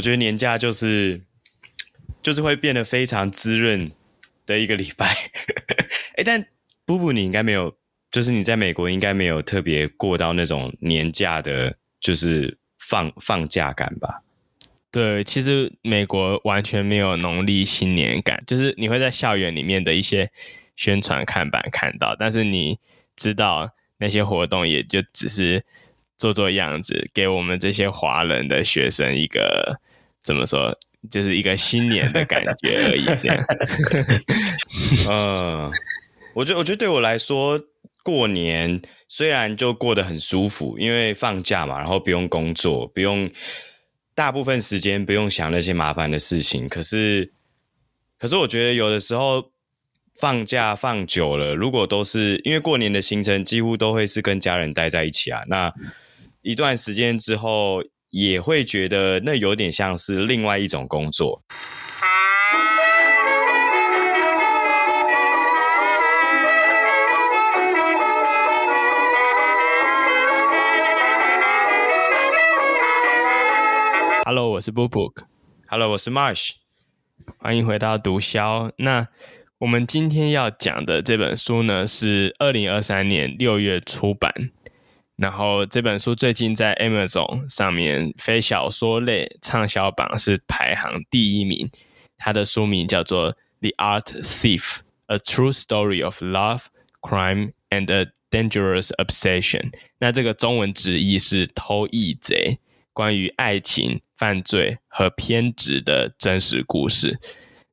我覺得年假就是，就是會變得非常滋潤的一個禮拜。 欸，但布布，你應該沒有，就是你在美國應該沒有特別過到那種年假的，就是放放假感吧？對，其實美國完全沒有農曆新年感，就是你會在校園裡面的一些宣傳看板看到，但是你知道那些活動也就只是做做樣子，給我們這些華人的學生一個。怎麼說，就是一個新年的感覺而已。這樣，嗯、 呃，我覺得，我覺得對我來說，過年雖然就過得很舒服，因為放假嘛，然後不用工作，不用大部分時間不用想那些麻煩的事情。可是，可是我覺得有的時候放假放久了，如果都是因為過年的行程幾乎都會是跟家人待在一起啊，那一段時間之後。也會覺得那有點像是另外一種工作。Hello，我是布布。Hello，我是 Marsh。歡迎回到《讀梟》。那我們今天要講的這本書呢，是二零二三年六月出版。然後這本書最近在 Amazon 上面非小說類暢銷榜是排行第一名。它的書名叫做《The Art Thief: A True Story of Love, Crime, and a Dangerous Obsession》。那這個中文直譯是《偷藝賊：關於愛情、犯罪和偏執的真實故事》。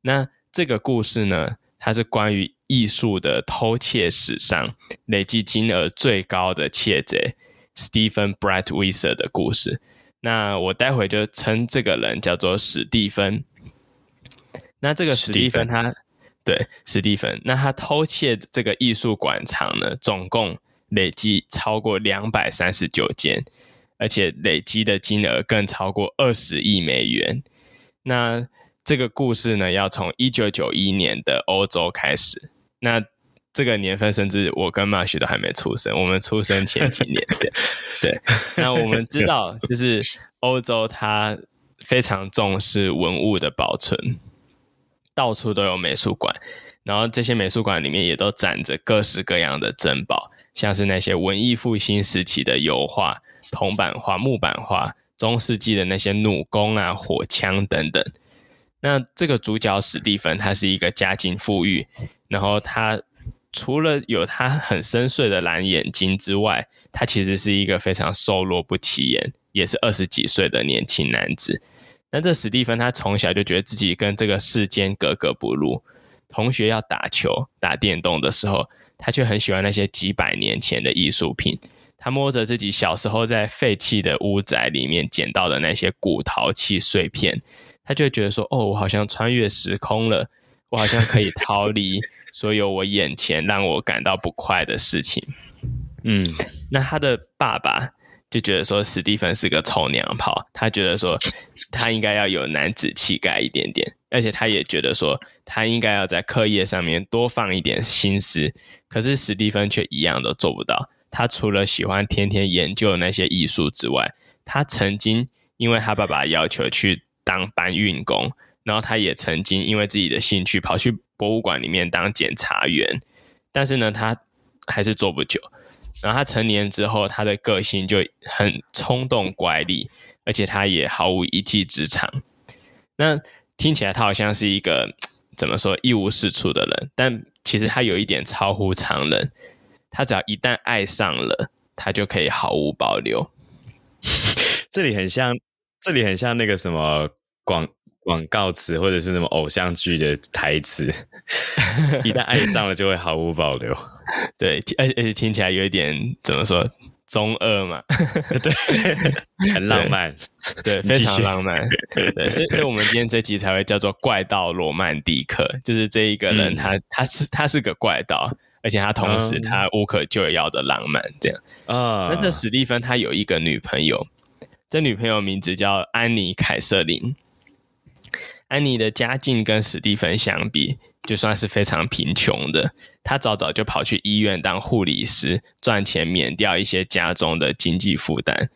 那這個故事呢，它是關於。藝術的偷竊史上累計金額最高的竊賊 Stephen Breitwieser 的故事。那我待會就稱這個人叫做史蒂芬。那這個史蒂芬他，Stephen. 對，史蒂芬，那他偷竊這個藝術館藏呢，總共累計超過兩百三十九件，而且累計的金額更超過二十億美元。那這個故事呢，要從一九九一年的歐洲開始。那這個年份，甚至我跟馬旭都還沒出生。我們出生前幾年， 對，對。那我們知道，就是歐洲，它非常重視文物的保存，到處都有美術館，然後這些美術館裡面也都展着各式各樣的珍寶，像是那些文藝復興時期的油畫、銅版畫、木版畫，中世紀的那些弩弓啊、火槍等等。那這個主角史蒂芬，他是一個家境富裕。然後他除了有他很深邃的藍眼睛之外，他其實是一個非常瘦弱不起眼，也是二十幾歲的年輕男子。那這史蒂芬他從小就覺得自己跟這個世間格格不入。同學要打球、打電動的時候，他卻很喜歡那些幾百年前的藝術品。他摸着自己小時候在廢棄的屋宅裡面撿到的那些古陶器碎片，他就覺得說：“哦，我好像穿越時空了。”我好像可以逃離所有我眼前讓我感到不快的事情。嗯，那他的爸爸就覺得說史蒂芬是個臭娘炮，他覺得說他應該要有男子氣概一點點，而且他也覺得說他應該要在課業上面多放一點心思。可是史蒂芬卻一樣都做不到。他除了喜歡天天研究那些藝術之外，他曾經因為他爸爸要求去當搬運工。然後他也曾經因為自己的興趣跑去博物館裡面當檢察員，但是呢，他還是做不久。然後他成年之後，他的個性就很衝動、乖戾，而且他也毫無一技之長。那聽起來他好像是一個怎麼說，一無是處的人，但其實他有一點超乎常人。他只要一旦愛上了，他就可以毫無保留。這裡很像，這裡很像那個什麼廣廣告詞或者是什麼偶像劇的台詞，一旦愛上了就會毫無保留。 對，而且而且聽起來有一點怎麼說，中二嘛。 對，很浪漫，對，對非常浪漫。對，所以所以我們今天這集才會叫做《怪盜羅曼蒂克》，就是這一個人他、嗯他，他他是他是個怪盜，而且他同時他無可救藥的浪漫，這樣。啊、嗯，那這史蒂芬他有一個女朋友，這女朋友名字叫安妮·凱瑟琳。安妮的家境跟史蒂芬相比，就算是非常貧窮的。他早早就跑去醫院當護理師，賺錢免掉一些家中的經濟負擔。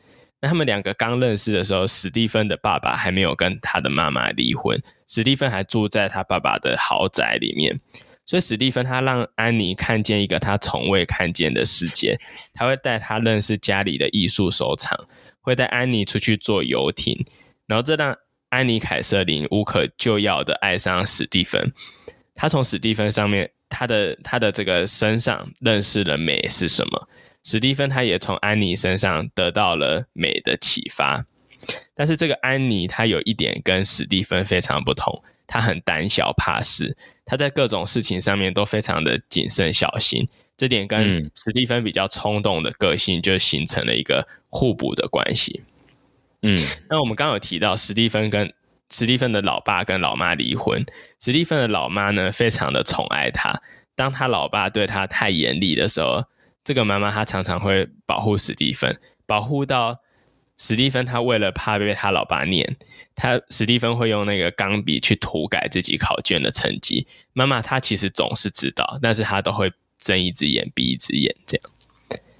那他們兩個剛認識的時候，史蒂芬的爸爸還沒有跟他的媽媽離婚，史蒂芬還住在他爸爸的豪宅裡面。所以史蒂芬他讓安妮看見一個他從未看見的世界，他會帶他認識家裡的藝術收藏，會帶安妮出去坐遊艇。然後這輛。安妮·凱瑟琳無可救藥的愛上史蒂芬，她從史蒂芬上面，她的她的這個身上認識了美是什麼。史蒂芬他也從安妮身上得到了美的啟發，但是這個安妮她有一點跟史蒂芬非常不同，她很膽小怕事，她在各種事情上面都非常的謹慎小心，這點跟史蒂芬比較衝動的個性就形成了一個互補的關係。嗯，那我們剛剛有提到史蒂芬跟史蒂芬的老爸跟老媽離婚。史蒂芬的老媽呢，非常的寵愛他。當他老爸對他太嚴厲的時候，這個媽媽她常常會保護史蒂芬，保護到史蒂芬他為了怕被他老爸念，他史蒂芬會用那個鋼筆去塗改自己考卷的成績。媽媽她其實總是知道，但是她都會睜一隻眼閉一隻眼這樣。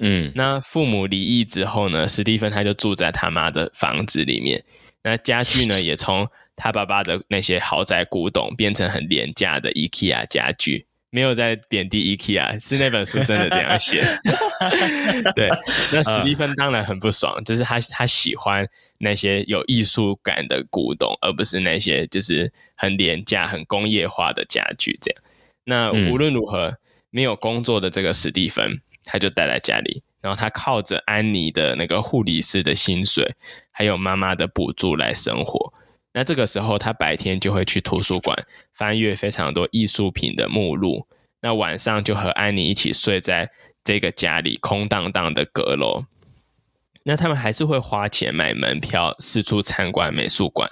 嗯，那父母離異之後呢，史蒂芬他就住在他媽的房子裡面。那家具呢，也從他爸爸的那些豪宅古董變成很廉價的 IKEA 家具。沒有在貶低 IKEA，是那本書真的這樣寫。 對，那史蒂芬當然很不爽，呃、就是他他喜歡那些有藝術感的古董，而不是那些就是很廉價、很工業化的家具。這樣，那無論如何、嗯、沒有工作的這個史蒂芬。他就待在家裡，然後他靠着安妮的那個護理師的薪水，還有媽媽的補助來生活。那這個時候，他白天就會去圖書館翻閱非常多藝術品的目錄，那晚上就和安妮一起睡在這個家裡空蕩蕩的閣樓。那他們還是會花錢買門票四處參觀美術館，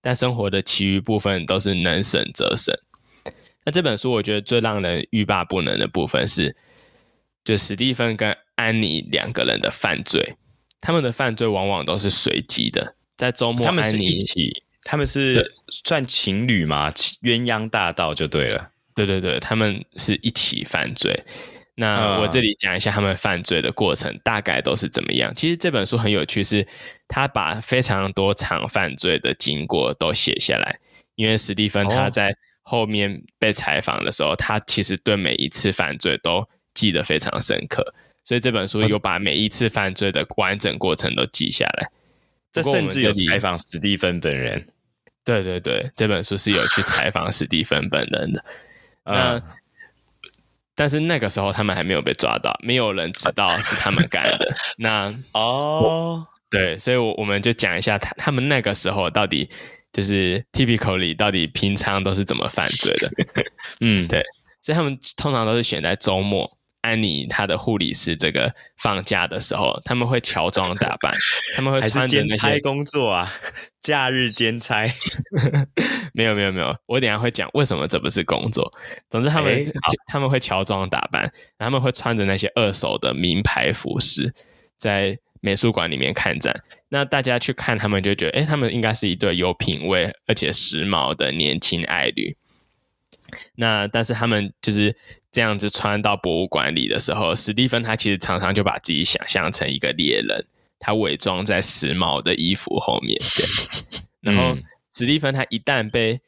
但生活的其餘部分都是能省則省。那這本書我覺得最讓人欲罷不能的部分是。就史蒂芬跟安妮兩個人的犯罪，他們的犯罪往往都是隨機的，在周末他們是一起，妮他們是算情侶嘛，鴛鴦對大盜就對了，對對對，他們是一起犯罪。那我這裡講一下他們犯罪的過程，大概都是怎麼樣。嗯、其實這本書很有趣是，是他把非常多場犯罪的經過都寫下來，因為史蒂芬他在後面被採訪的時候，哦、他其實對每一次犯罪都。記得非常深刻，所以這本書有把每一次犯罪的完整過程都記下來。這甚至有採訪史蒂芬本人。對對對，這本書是有去採訪史蒂芬本人的。那但是那個時候他們還沒有被抓到，沒有人知道是他們幹的。那哦，對，所以，我我們就講一下他他們那個時候到底就是 typically 到底平常都是怎麼犯罪的。嗯，對，所以他們通常都是選在周末。安妮，她的護理師，這個放假的時候，他們會喬裝打扮， 他們會穿着那是兼差工作啊，假日兼差。 沒有，沒有，沒有，我等下會講為什麼這不是工作。總之，他們、欸、他們會喬裝打扮，他們會穿着那些二手的名牌服飾，在美術館裡面看展。那大家去看，他們就覺得，哎、欸，他們應該是一對有品味而且時髦的年輕愛侶。那但是他們就是這樣子穿到博物館裡的時候，史蒂芬他其實常常就把自己想象成一個獵人，他偽裝在時髦的衣服後面。對，然後史蒂芬他一旦被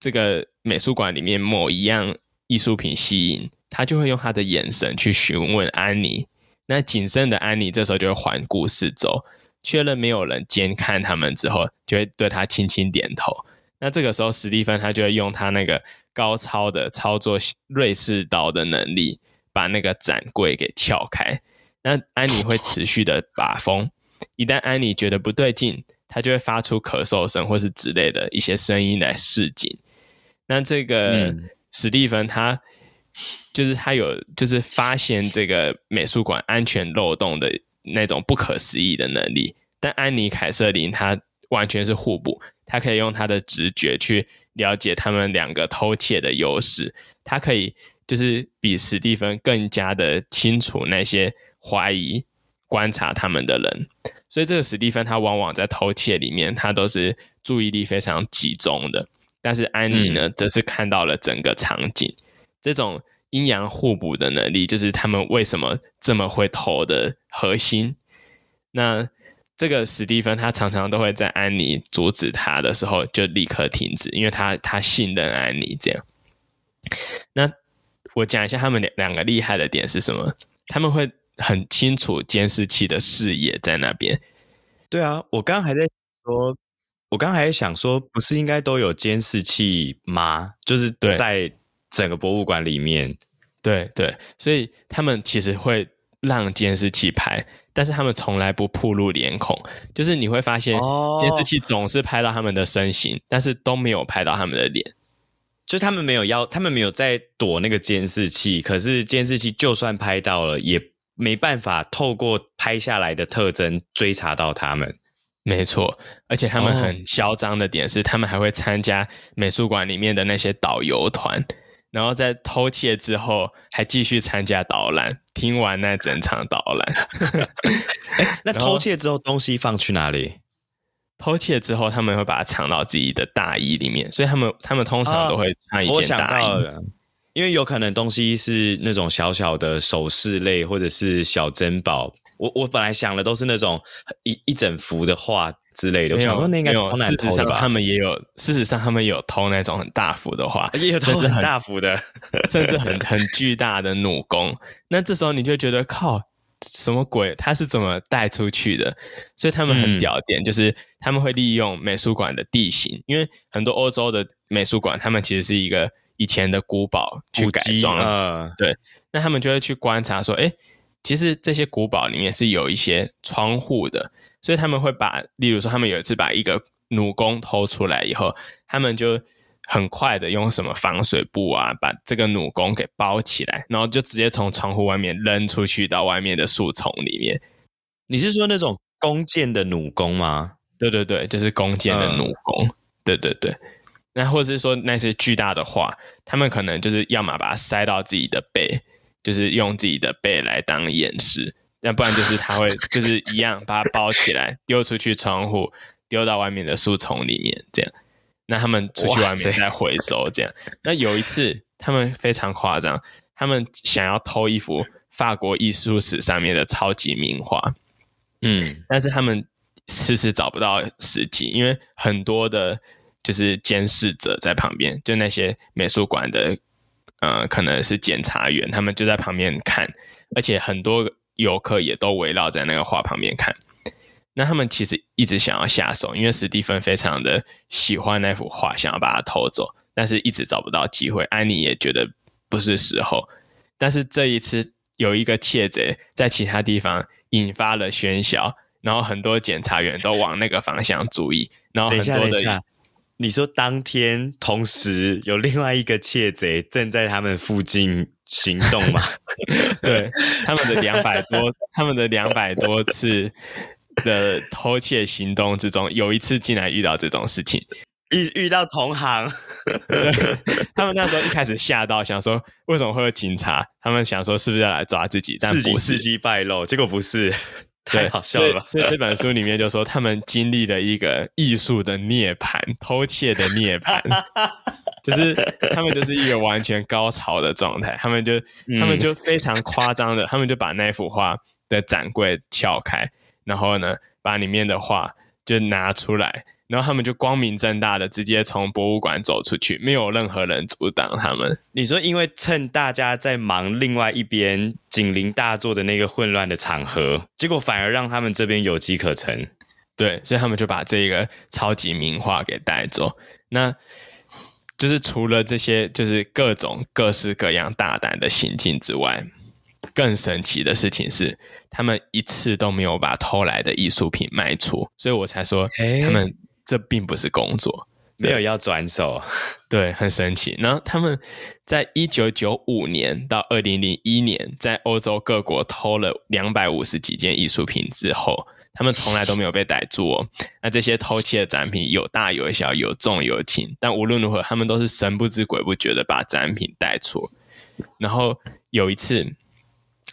這個美術館裡面某一樣藝術品吸引，他就會用他的眼神去詢問安妮。那謹慎的安妮這時候就會環顧四周，確認沒有人監看他們之後，就會對他輕輕點頭。那這個時候，史蒂芬他就會用他那個高超的操作瑞士刀的能力，把那個展櫃給撬開。那安妮會持續的把風。 一旦安妮覺得不對勁，他就會發出咳嗽聲或是之類的一些聲音來示警。那這個史蒂芬他就是他有就是發現這個美術館安全漏洞的那種不可思議的能力。但安妮凱瑟琳她。完全是互補，他可以用他的直覺去了解他們兩個偷竊的優勢，他可以就是比史蒂芬更加的清楚那些懷疑觀察他們的人，所以這個史蒂芬他往往在偷竊裡面，他都是注意力非常集中的，但是安妮呢，嗯、則是看到了整個場景，這種陰陽互補的能力，就是他們為什麼這麼會偷的核心。那。這個史蒂芬他常常都會在安妮阻止他的時候就立刻停止，因為他他信任安妮這樣。那我講一下他們兩兩個厲害的點是什麼？他們會很清楚監視器的視野在那邊。對啊，我剛剛還在說，我剛剛還在想說，不是應該都有監視器嗎？就是在整個博物館裡面，對對，所以他們其實會。讓監視器拍，但是他們從來不曝露臉孔，就是你會發現，監視器總是拍到他們的身形，oh. 但是都沒有拍到他們的臉，就他們沒有要，他們沒有在躲那個監視器，可是監視器就算拍到了，也沒辦法透過拍下來的特徵追查到他們。沒錯，而且他們很囂張的點是，oh. 他們還會參加美術館裡面的那些導遊團。然後在偷竊之後，還繼續參加導覽，聽完那整場導覽。 那偷竊之後，後東西放去哪裡？偷竊之後，他們會把它藏到自己的大衣裡面，所以他們他們通常都會穿一件大衣。啊、我想到了，因為有可能東西是那種小小的首飾類或者是小珍寶。我我本來想的都是那種一一整幅的畫。之類的沒有，沒有。事實上，他們也有，事實上，他們有偷那種很大幅的畫，也有偷很大幅的，甚至很 甚至很，很巨大的弩弓。 那這時候你就覺得靠什麼鬼？他是怎麼帶出去的？所以他們很屌點，嗯、就是他們會利用美術館的地形，因為很多歐洲的美術館，他們其實是一個以前的古堡去改裝。嗯，對。那他們就會去觀察說，哎、欸，其實這些古堡裡面是有一些窗戶的。所以他們會把，例如說，他們有一次把一個弩弓偷出來以後，他們就很快的用什麼防水布啊，把這個弩弓給包起來，然後就直接從窗戶外面扔出去到外面的樹叢裡面。你是說那種弓箭的弩弓嗎？對對對，就是弓箭的弩弓。嗯、對對對，那或者是說那些巨大的畫，他們可能就是要麼把它塞到自己的背，就是用自己的背來當掩飾。但不然就是他會就是一樣把它包起來丟出去窗戶，丟到外面的樹叢裡面這樣，那他們出去外面再回收這樣。那有一次他們非常誇張，他們想要偷一幅法國藝術史上面的超級名畫，嗯，但是他們遲遲找不到時機，因為很多的就是監視者在旁邊，就那些美術館的，呃，可能是檢查員，他們就在旁邊看，而且很多。遊客也都圍繞在那個畫旁邊看，那他們其實一直想要下手，因為史蒂芬非常的喜歡那幅畫，想要把它偷走，但是一直找不到機會。安妮也覺得不是時候，但是這一次有一個竊賊在其他地方引發了喧囂，然後很多檢察員都往那個方向注意。 然後很多等一下，等一下，你說當天同時有另外一個竊賊正在他們附近。行動嘛， 對，他們的兩百多，他們的兩百多， 多次的偷竊行動之中，有一次竟然遇到這種事情，遇遇到同行 對，他們那時候一開始嚇到，想說為什麼會有警察，他們想說是不是要來抓自己，是不是事跡敗露？結果不是，太好笑了。所以，所以這本書裡面就說，他們經歷了一個藝術的涅槃，偷竊的涅槃。 就是他們就是一個完全高潮的狀態，他們就、嗯、 他們就非常誇張的，他們就把那幅畫的展櫃撬開，然後呢把裡面的畫就拿出來，然後他們就光明正大的直接從博物館走出去，沒有任何人阻擋他們。你說，因為趁大家在忙，另外一邊警鈴大作的那個混亂的場合，結果反而讓他們這邊有機可乘。對，所以他們就把這個超級名畫給帶走。那。就是除了這些，就是各種各式各樣大膽的行徑之外，更神奇的事情是，他們一次都沒有把偷來的藝術品賣出，所以我才說他們這並不是工作。欸，對 沒有要轉手。對，對，很神奇。然後他們在一九九五年到二零零一年，在歐洲各國偷了兩百五十幾件藝術品之後。他們從來都沒有被逮住、哦。那這些偷竊的展品有大有小，有重有輕，但無論如何，他們都是神不知鬼不覺的把展品帶出。然後有一次，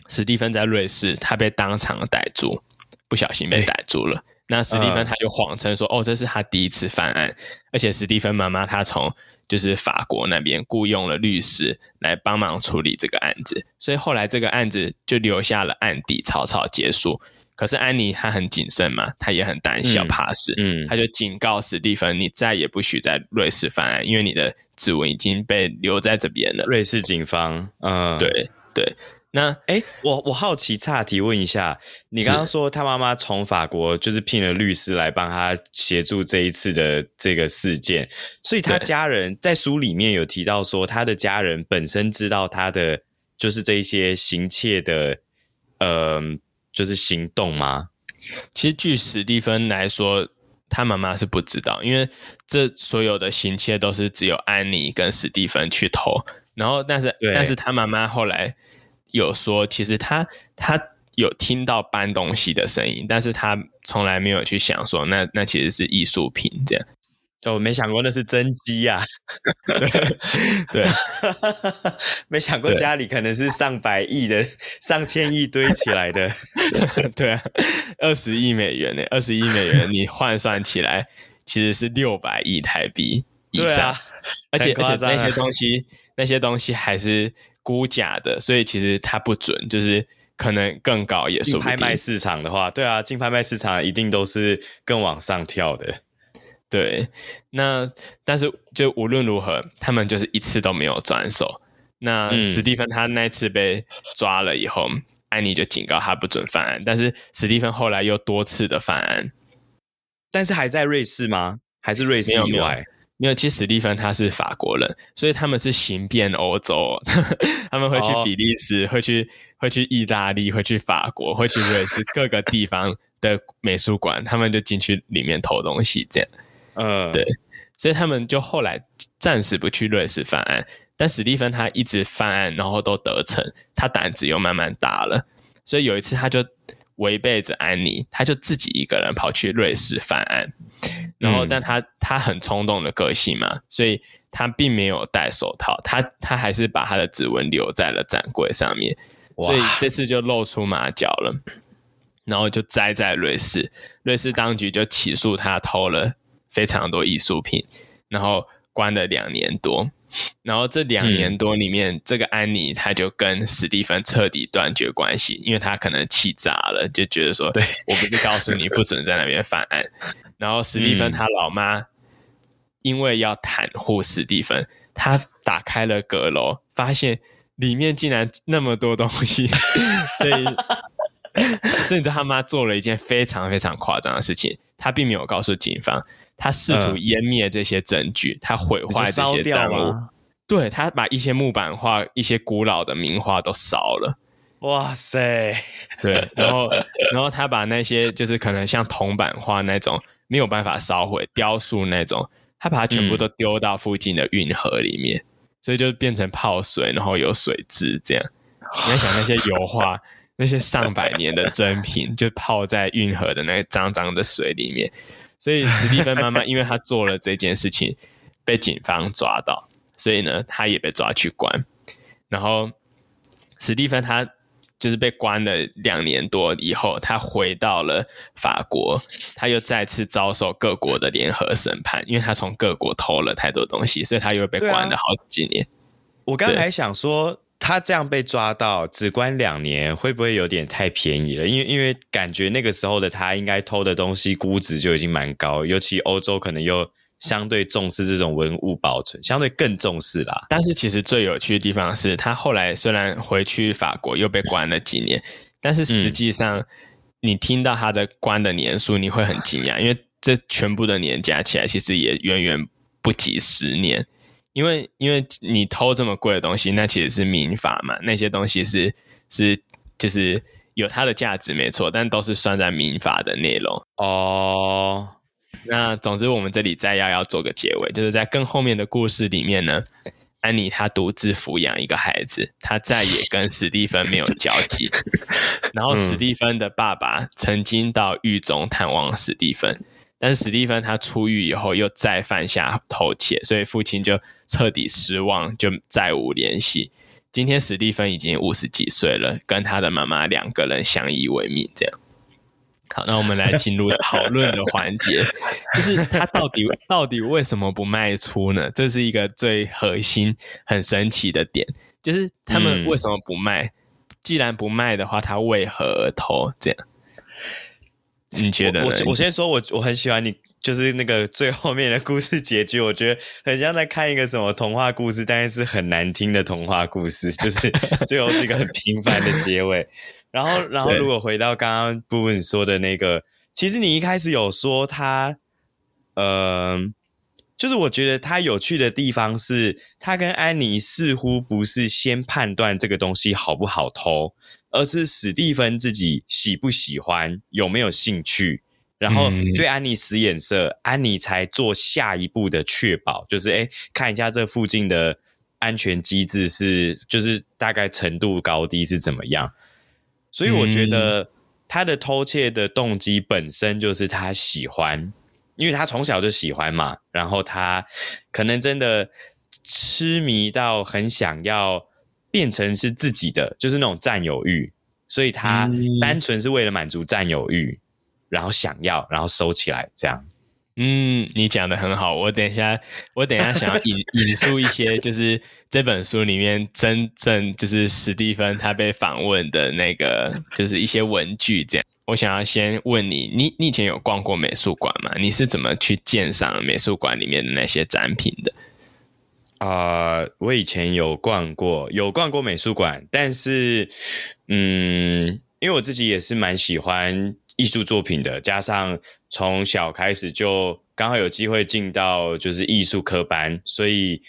史蒂芬在瑞士，他被當場逮住，不小心被逮住了。欸、那史蒂芬他就謊稱說：“啊、哦，這是他第一次犯案。”而且史蒂芬媽媽她從就是法國那邊僱傭了律師來幫忙處理這個案子，所以後來這個案子就留下了案底，草草結束。可是安妮她很謹慎嘛，她也很膽小怕事，嗯，是嗯她就警告史蒂芬，你再也不許在瑞士犯案，因為你的指紋已經被留在這邊了。瑞士警方，嗯，對對。那哎、欸，我我好奇岔題問一下，你剛剛說他媽媽從法國就是聘了律師來幫他協助這一次的這個事件，所以他家人對在書裡面有提到說，他的家人本身知道他的就是這一些行竊的，嗯、呃。就是行動嗎？其實，據史蒂芬來說，他媽媽是不知道，因為這所有的行竊都是只有安妮跟史蒂芬去偷。然後，但是，對但是他媽媽後來有說，其實他他有聽到搬東西的聲音，但是他從來沒有去想說那，那那其實是藝術品這樣。我、哦，沒想過那是真機呀，啊， 對， 沒想過家裡可能是上百億的、對上千億堆起來的， 對，二十億美元呢，二十億美元你換算起來 其實是六百億台幣以上對，啊很誇張啊，而，而且那些東西，那些東西還是估價的，所以其實它不準，就是可能更高也說不定，進拍賣市場的話，對啊，進拍賣市場一定都是更往上跳的。對，那但是就無論如何，他們就是一次都沒有轉手。那史蒂芬他那次被抓了以後，安妮、嗯、就警告他不准犯案。但是史蒂芬後來又多次的犯案，但是還在瑞士嗎？還是瑞士以外？沒有，沒有，其實史蒂芬他是法國人，所以他們是行遍歐洲。呵呵，他們會去比利時，哦、會去會去意大利，會去法國，會去瑞士 各個地方的美術館，他們就進去裡面偷東西，這樣。嗯，對，所以他們就後來暫時不去瑞士犯案，但史蒂芬他一直犯案，然後都得逞，他膽子又慢慢大了，所以有一次他就違背着安妮，他就自己一個人跑去瑞士犯案，然後但他他很衝動的個性嘛，所以他並沒有戴手套，他他還是把他的指紋留在了展櫃上面，所以這次就露出馬腳了，哇然後就栽在瑞士，瑞士當局就起訴他偷了非常多藝術品，然後關了兩年多，然後這兩年多裡面，嗯、這個安妮她就跟史蒂芬徹底斷絕關係，因為她可能氣炸了，就覺得說，對，我不是告訴你不准在那邊犯案？嗯、然後史蒂芬他老媽因為要袒護史蒂芬，她打開了閣樓，發現裡面竟然那麼多東西， 所以甚至他媽做了一件非常非常誇張的事情，她並沒有告訴警方。他試圖湮滅這些證據，他、嗯、毀壞這些文物，燒掉嗎？對，他把一些木板畫、一些古老的名畫都燒了。哇塞，對，然後，然後他把那些就是可能像銅板畫那種 沒有辦法燒毀、雕塑那種，他把它全部都丟到附近的運河裡面，嗯、所以就變成泡水，然後有水漬這樣。哇塞，你想那些油畫， 那些上百年的珍品， 就泡在運河的那些髒髒的水裡面。所以史蒂芬媽媽，因為她做了這件事情，被警方抓到，所以呢，她也被抓去關。然後史蒂芬他就是被關了兩年多以後，他回到了法國，他又再次遭受各國的聯合審判，因為他從各國偷了太多東西，所以他又被關了好幾年。啊。我剛才想說。他這樣被抓到，只關兩年，會不會有點太便宜了？因為因為感覺那個時候的他，應該偷的東西估值，就已經蠻高，尤其歐洲可能又相對重視這種文物保存，相對更重視啦。但是其實最有趣的地方是他後來雖然回去法國又被關了幾年，嗯。但是實際上你聽到他的關的年數，你會很驚訝，因為這全部的年加起來，其實也遠遠不及十年。因為因為你偷這麼貴的東西，那其實是民法嘛。那些東西是是就是有它的價值，沒錯，但都是算在民法的內容哦。Oh, 那總之，我們這裡再要要做個結尾，就是在更後面的故事裡面呢，安妮她獨自撫養一個孩子，她再也跟史蒂芬沒有交集。 然後史蒂芬的爸爸曾經到獄中探望史蒂芬。但是史蒂芬他出獄以後又再犯下偷竊，所以父親就徹底失望，就再無聯繫。今天史蒂芬已經五十幾歲了，跟他的媽媽兩個人相依為命。這樣，好，那我們來進入討論的環節， 就是他到底到底為什麼不賣出呢？這是一個最核心、很神奇的點，就是他們為什麼不賣？嗯、既然不賣的話，他為何而偷這樣？你覺得？我我,我先說我，我我很喜歡你，就是那個最後面的故事結局，我覺得很像在看一個什麼童話故事，但是很難聽的童話故事，就是最後是一個很平凡的結尾。 然後，然後如果回到剛剛部分說的那個，對其實你一開始有說他，嗯、呃，就是我覺得他有趣的地方是，他跟安妮似乎不是先判斷這個東西好不好偷。而是史蒂芬自己喜不喜歡，有沒有興趣，然後對安妮使眼色，嗯、安妮才做下一步的確保，就是誒、欸、看一下這附近的安全機制是，就是大概程度高低是怎麼樣。所以我覺得他的偷竊的動機本身就是他喜歡，嗯、因為他從小就喜歡嘛，然後他可能真的痴迷到很想要。變成是自己的，就是那種佔有欲，所以他單純是為了滿足佔有欲，嗯、然後想要，然後收起來這樣。嗯，你講得很好。我等一下，我等一下想要引 引述一些，就是這本書裡面真正就是史蒂芬他被訪問的那個，就是一些文句這樣。我想要先問你，你你以前有逛過美術館嗎？你是怎麼去鑑賞美術館裡面的那些展品的？啊，uh, 我以前有逛過，有逛過美術館，但是，嗯，因為我自己也是蠻喜歡藝術作品的，加上從小開始就剛好有機會進到就是藝術科班，所以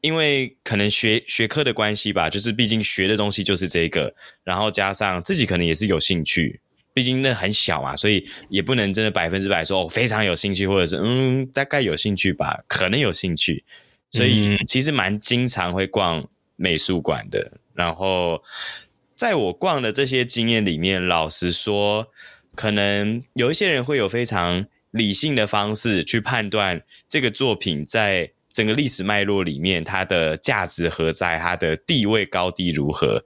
因為可能學學科的關係吧，就是畢竟學的東西就是這個，然後加上自己可能也是有興趣，畢竟那很小嘛，所以也不能真的百分之百說，哦，非常有興趣，或者是，嗯，大概有興趣吧，可能有興趣。所以其實蠻經常會逛美術館的。然後，在我逛的這些經驗裡面，老實說，可能有一些人會有非常理性的方式去判斷這個作品在整個歷史脈絡裡面它的價值何在，它的地位高低如何，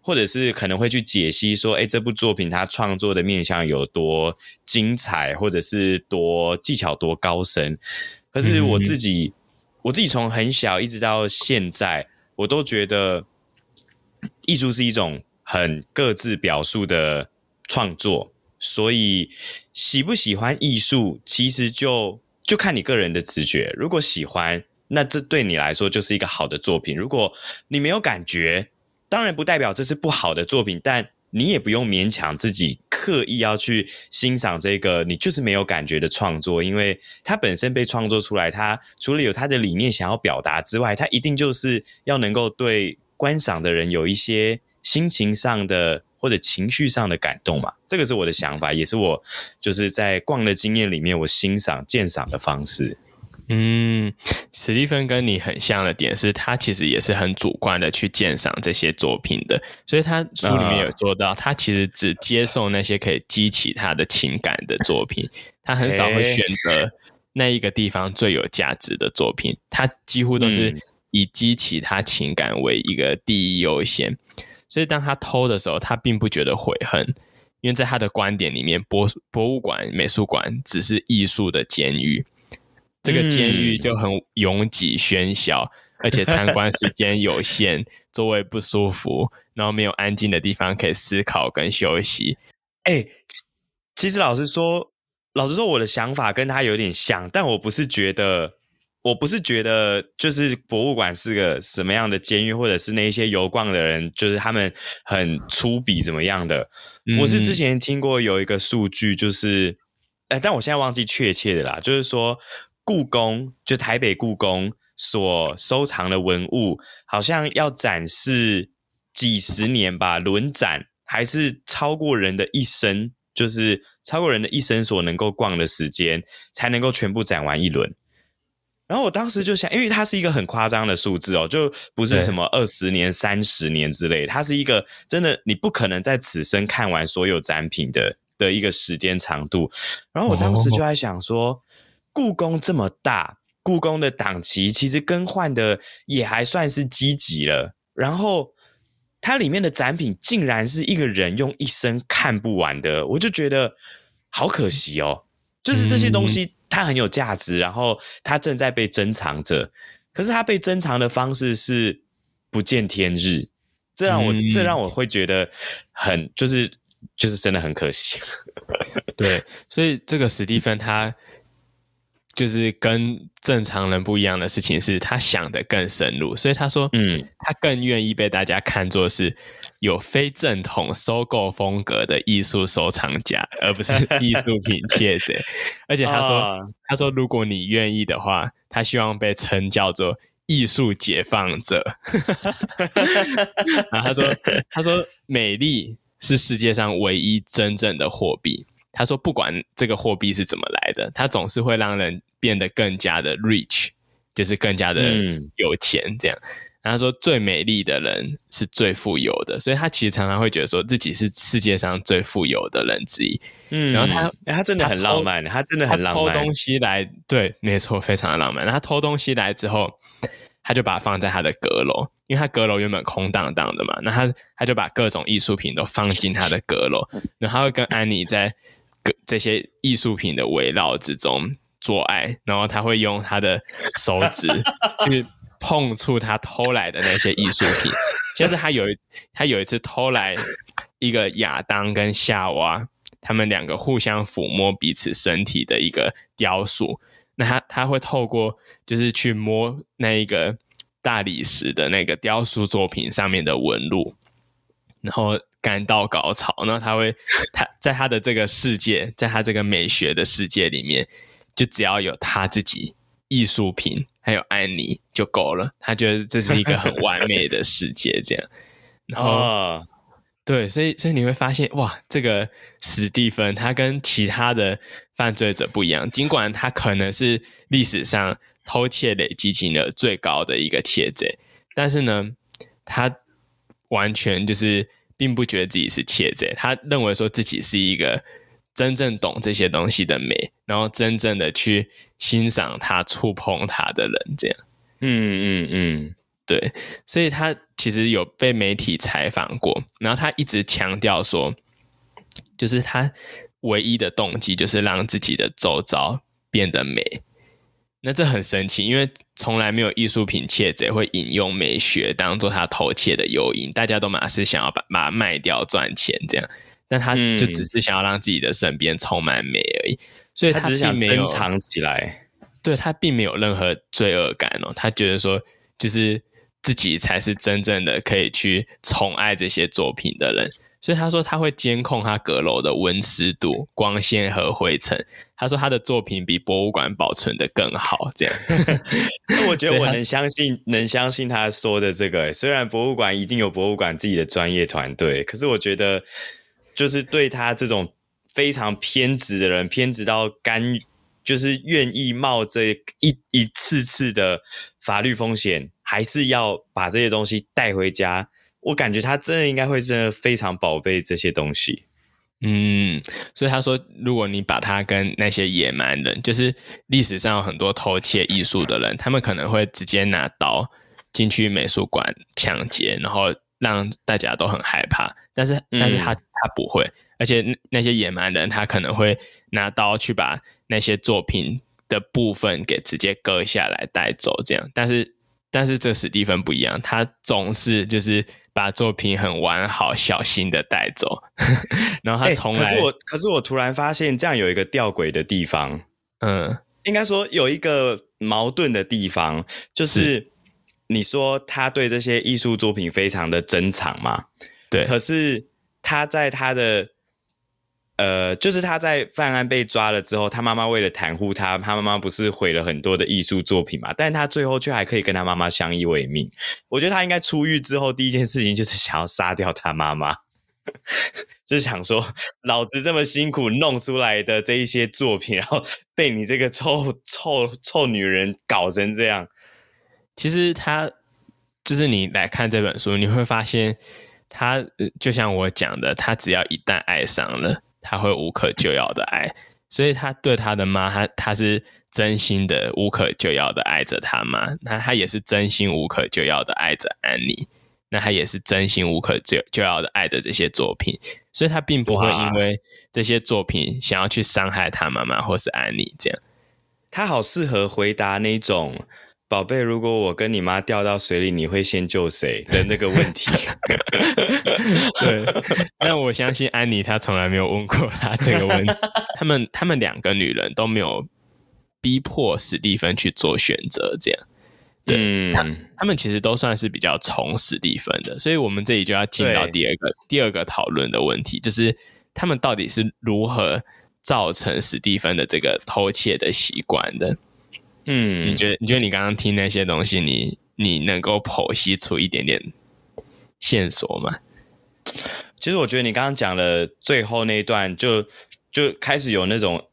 或者是可能會去解析說，哎，這部作品它創作的面向有多精彩，或者是多技巧多高深。可是我自己。我自己從很小一直到現在，我都覺得藝術是一種很各自表述的創作，所以喜不喜歡藝術，其實就就看你個人的直覺。如果喜歡，那這對你來說就是一個好的作品；如果你沒有感覺，當然不代表這是不好的作品，但。你也不用勉強自己刻意要去欣賞這個你就是沒有感覺的創作，因為它本身被創作出來，它除了有它的理念想要表達之外，它一定就是要能夠對觀賞的人有一些心情上的或者情緒上的感動嘛。這個是我的想法，也是我就是在逛的經驗裡面我欣賞鑑賞的方式。嗯，史蒂芬跟你很像的點是他其實也是很主觀的去鑑賞這些作品的，所以他書裡面有做到，呃、他其實只接受那些可以激起他的情感的作品，他很少會選擇那一個地方最有價值的作品，欸、他幾乎都是以激起他情感為一個第一優先，嗯、所以當他偷的時候，他並不覺得悔恨，因為在他的觀點裡面，博博物館、美術館只是藝術的監獄。這個監獄就很擁擠、喧囂，嗯、而且參觀時間有限， 座位不舒服，然後沒有安靜的地方可以思考跟休息。欸、其實老實說，老實說，我的想法跟他有點像，但我不是覺得，我不是覺得就是博物館是個什麼樣的監獄，或者是那些遊逛的人就是他們很粗鄙怎麼樣的。嗯、我是之前聽過有一個數據，就是、欸，但我現在忘記確切的啦，就是說。故宮就台北故宮所收藏的文物，好像要展示幾十年吧，輪展還是超過人的一生，就是超過人的一生所能夠逛的時間，才能夠全部展完一輪。然後我當時就想，因為它是一個很誇張的數字哦，就不是什麼二十年、三十對年之類，它是一個真的你不可能在此生看完所有展品的的一個時間長度。然後我當時就在想說。故宮這麼大，故宮的檔期其實更換的也還算是積極了。然後它裡面的展品，竟然是一個人用一生看不完的。我就覺得好可惜哦。就是這些東西，它很有價值，嗯、然後它正在被珍藏着，可是它被珍藏的方式是不見天日，這讓我、嗯、這讓我會覺得很就是就是真的很可惜。 對，所以這個史蒂芬他。就是跟正常人不一樣的事情，是他想的更深入，所以他說，嗯，他更願意被大家看作是有非正統收購風格的藝術收藏家，而不是藝術品竊賊。 而且他說，uh. 他說，如果你願意的話，他希望被稱叫做藝術解放者。哈 然後他說，他說，美麗是世界上唯一真正的貨幣。他說：“不管這個貨幣是怎麼來的，他總是會讓人變得更加的 rich，就是更加的有錢這樣。嗯”然後他說：“最美麗的人是最富有的，所以他其實常常會覺得說自己是世界上最富有的人之一。”嗯，然後他、欸、他真的很浪漫的，他，偷他真的很浪漫。他偷東西來，對，沒錯，非常的浪漫。他偷東西來之後，他就把它放在他的閣樓，因為他閣樓原本空荡荡的嘛。那他他就把各種藝術品都放進他的閣樓，然後他會跟安妮在。 這些藝術品的圍繞之中做愛，然後他會用他的手指去碰觸他偷來的那些藝術品，就 是他有他有一次偷來一個亞當跟夏娃，他們兩個互相撫摸彼此身體的一個雕塑，那他他會透過就是去摸那一個大理石的那個雕塑作品上面的紋路，然後。感到高潮，然後他會他在他的這個世界，在他這個美學的世界裡面，就只要有他自己藝術品還有安妮就夠了。他覺得這是一個很完美的世界，這樣。然後、哦、對，所以所以你會發現，哇，這個史蒂芬他跟其他的犯罪者不一樣，儘管他可能是歷史上偷竊累積金額最高的一個竊賊，但是呢，他完全就是。並不覺得自己是竊賊，他認為說自己是一個真正懂這些東西的美，然後真正的去欣賞他觸碰他的人，這樣。嗯嗯嗯，嗯嗯對，所以他其實有被媒體採訪過，然後他一直強調說，就是他唯一的動機就是讓自己的周遭變得美。那這很神奇，因為從來沒有藝術品竊賊會引用美學當做他偷竊的誘因，大家都馬上是想要把把它賣掉賺錢這樣，但他就只是想要讓自己的身邊充滿美而已，所以他，嗯、他只是想珍藏起來，對他並沒有任何罪惡感哦、喔，他覺得說就是自己才是真正的可以去寵愛這些作品的人，所以他說他會監控他閣樓的溫濕度、光線和灰塵。他說他的作品比博物館保存得更好，這樣。那 我覺得我能相信， 能相信他說的這個、欸。雖然博物館一定有博物館自己的專業團隊，可是我覺得，就是對他這種非常偏執的人，偏執到甘，就是願意冒這一一,一次次的法律風險，還是要把這些東西帶回家。我感覺他真的應該會真的非常寶貝這些東西。嗯，所以他說，如果你把他跟那些野蠻人，就是歷史上有很多偷竊藝術的人，他們可能會直接拿刀進去美術館搶劫，然後讓大家都很害怕。但是，但是他、嗯、他不會，而且那，那些野蠻人他可能會拿刀去把那些作品的部分給直接割下來帶走，這樣。但是，但是這個史蒂芬不一樣，他總是就是。把作品很完好、小心的帶走， 然後他從來、欸、可是我，可是我突然發現這樣有一個吊詭的地方，嗯，應該說有一個矛盾的地方，就是你說他對這些藝術作品非常的珍藏嘛，對，可是他在他的。呃，就是他在犯案被抓了之後，他媽媽為了袒護他，他媽媽不是毀了很多的藝術作品嘛？但是他最後卻還可以跟他媽媽相依為命。我覺得他應該出獄之後第一件事情就是想要殺掉他媽媽， 就是想說老子這麼辛苦弄出來的這一些作品，然後被你這個臭臭臭女人搞成這樣。其實他就是你來看這本書，你會發現他就像我講的，他只要一旦愛上了。他會無可救藥的愛，所以他對他的媽，他他是真心的無可救藥的愛着他媽。那他也是真心無可救藥的愛着安妮。那他也是真心無可救藥的愛着這些作品。所以，他並不會因為這些作品想要去傷害他媽媽或是安妮。這樣，他好適合回答那種。寶貝，如果我跟你媽掉到水裡，你會先救誰的對那個問題？ 對，但我相信安妮她從來沒有問過她這個問題。 他們他們兩個女人都沒有逼迫史蒂芬去做選擇，這樣。對，嗯、他們其實都算是比較從史蒂芬的，所以我們這裡就要進到第二個對第二個討論的問題，就是他們到底是如何造成史蒂芬的這個偷竊的習慣的。嗯，你覺得你覺得你剛剛聽那些東西你，你你能夠剖析出一點點線索嗎？其實我覺得你剛剛講的最後那一段就，就就開始有那種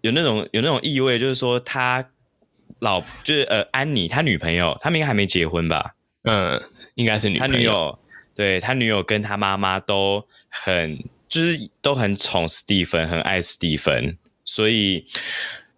有那種有那種意味，就是說他老就是呃安妮他女朋友，他們應該還沒結婚吧？嗯，應該是女朋友。他女友對他女友跟他媽媽都很就是都很寵斯蒂芬，很愛斯蒂芬，所以。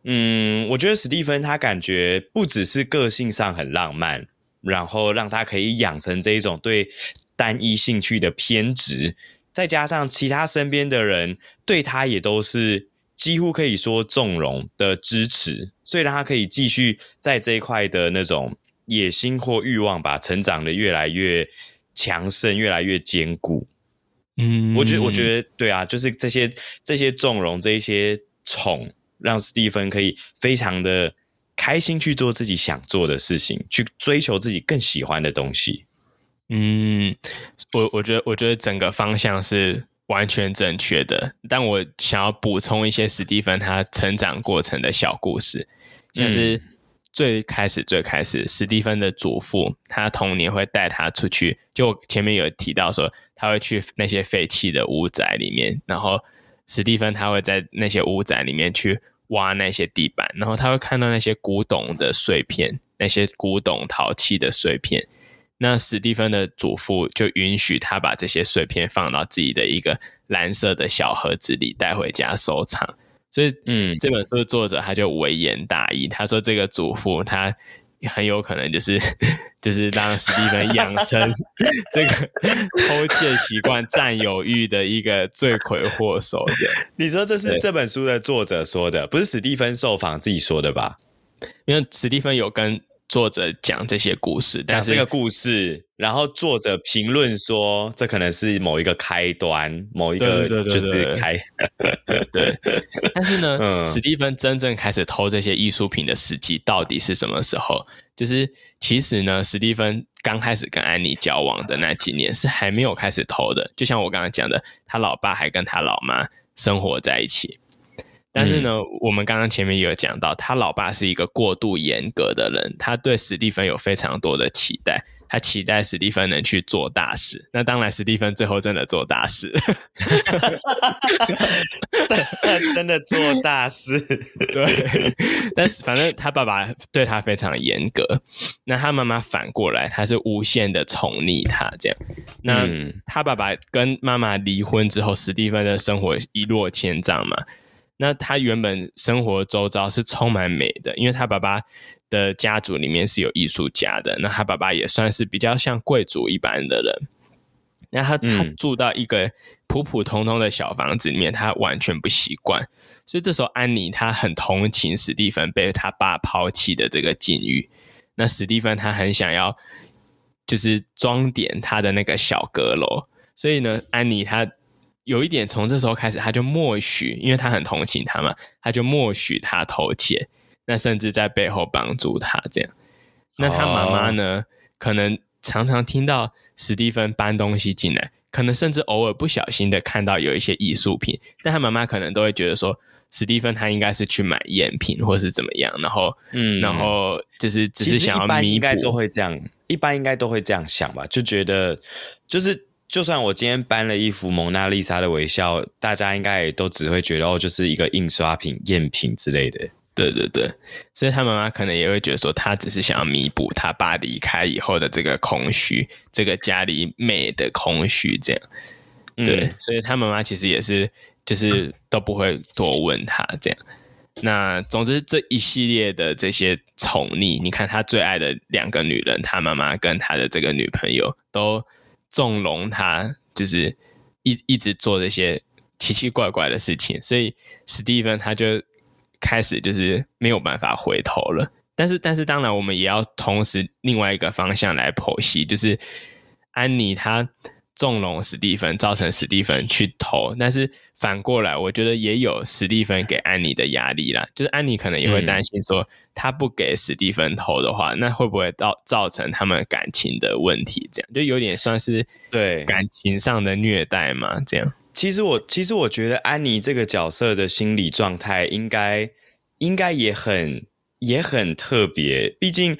嗯，我覺得史蒂芬他感覺不只是個性上很浪漫，然後讓他可以養成這一種對單一興趣的偏執，再加上其他身邊的人對他也都是幾乎可以說縱容的支持，所以讓他可以繼續在這一塊的那種野心或欲望吧，成長的越來越強盛，越來越堅固。嗯，我覺得，我覺得，對啊，就是這些這些縱容，這一些寵。讓史蒂芬可以非常的開心去做自己想做的事情，去追求自己更喜歡的東西。嗯，我我覺得我覺得整個方向是完全正確的，但我想要補充一些史蒂芬他成長過程的小故事。其實最開始最開始，史蒂芬的祖父他童年會帶他出去，就前面有提到說他會去那些廢棄的屋宅裡面，然後史蒂芬他會在那些屋宅裡面去。挖那些地板，然後他會看到那些古董的碎片，那些古董陶器的碎片。那史蒂芬的祖父就允許他把這些碎片放到自己的一個藍色的小盒子裡帶回家收藏。所以，嗯，這本書的作者他就微言大義，他說這個祖父他。很有可能就是就是讓史蒂芬養成這個偷竊習慣、佔有慾的一個罪魁禍首。 你說這是這本書的作者說的，對不是史蒂芬受訪自己說的吧？因為史蒂芬有跟。作者講這些故事，但是，但是這個故事，然後作者評論說，這可能是某一個開端，某一個就是開。對，但是呢，嗯、史蒂芬真正開始偷這些藝術品的時期到底是什麼時候？就是其實呢，史蒂芬剛開始跟安妮交往的那幾年是還沒有開始偷的。就像我剛剛講的，他老爸還跟他老媽生活在一起。但是呢，嗯、我們剛剛前面也有講到，他老爸是一個過度嚴格的人，他對史蒂芬有非常多的期待，他期待史蒂芬能去做大事。那當然，史蒂芬最後真的做大事，真的做大事。 對，但是反正他爸爸對他非常嚴格，那他媽媽反過來，他是無限的寵溺他這樣。那他爸爸跟媽媽離婚之後，史蒂芬的生活一落千丈嘛。那他原本生活周遭是充滿美的，因為他爸爸的家族裡面是有藝術家的，那他爸爸也算是比較像貴族一般的人。那他，嗯，他住到一個普普通通的小房子裡面，他完全不習慣。所以這時候安妮她很同情史蒂芬被他爸拋棄的這個境遇。那史蒂芬他很想要就是裝點他的那個小閣樓，所以呢，安妮她。有一點，從這時候開始，他就默許，因為他很同情他嘛，他就默許他偷竊，那甚至在背後幫助他這樣。那他媽媽呢，哦、可能常常聽到史蒂芬搬東西進來，可能甚至偶爾不小心的看到有一些藝術品，但他媽媽可能都會覺得說，史蒂芬他應該是去買贗品或是怎麼樣，然後，嗯，然後就是只是想要彌補，應該都會這樣，一般應該都會這樣想吧，就覺得就是。就算我今天搬了一幅蒙娜麗莎的微笑，大家應該也都只會覺得哦，就是一個印刷品、贗品之類的。對對對，所以他媽媽可能也會覺得說，他只是想要彌補他爸離開以後的這個空虛，這個家裡美的空虛這樣。嗯、對，所以他媽媽其實也是，就是都不會多問他這樣。那總之這一系列的這些寵溺，你看他最愛的兩個女人，他媽媽跟他的這個女朋友都。縱容他，就是一一直做這些奇奇怪怪的事情，所以史蒂芬他就開始就是沒有辦法回頭了。但是，但是，當然，我們也要同時另外一個方向來剖析，就是安妮他。縱容史蒂芬，造成史蒂芬去投，但是反過來，我覺得也有史蒂芬給安妮的壓力啦，就是安妮可能也會擔心說，他不給史蒂芬投的話，嗯、那會不會造造成他們感情的問題？這樣就有點算是對感情上的虐待嘛？這樣，其實我其實我覺得安妮這個角色的心理狀態，應該應該也很也很特別，畢竟。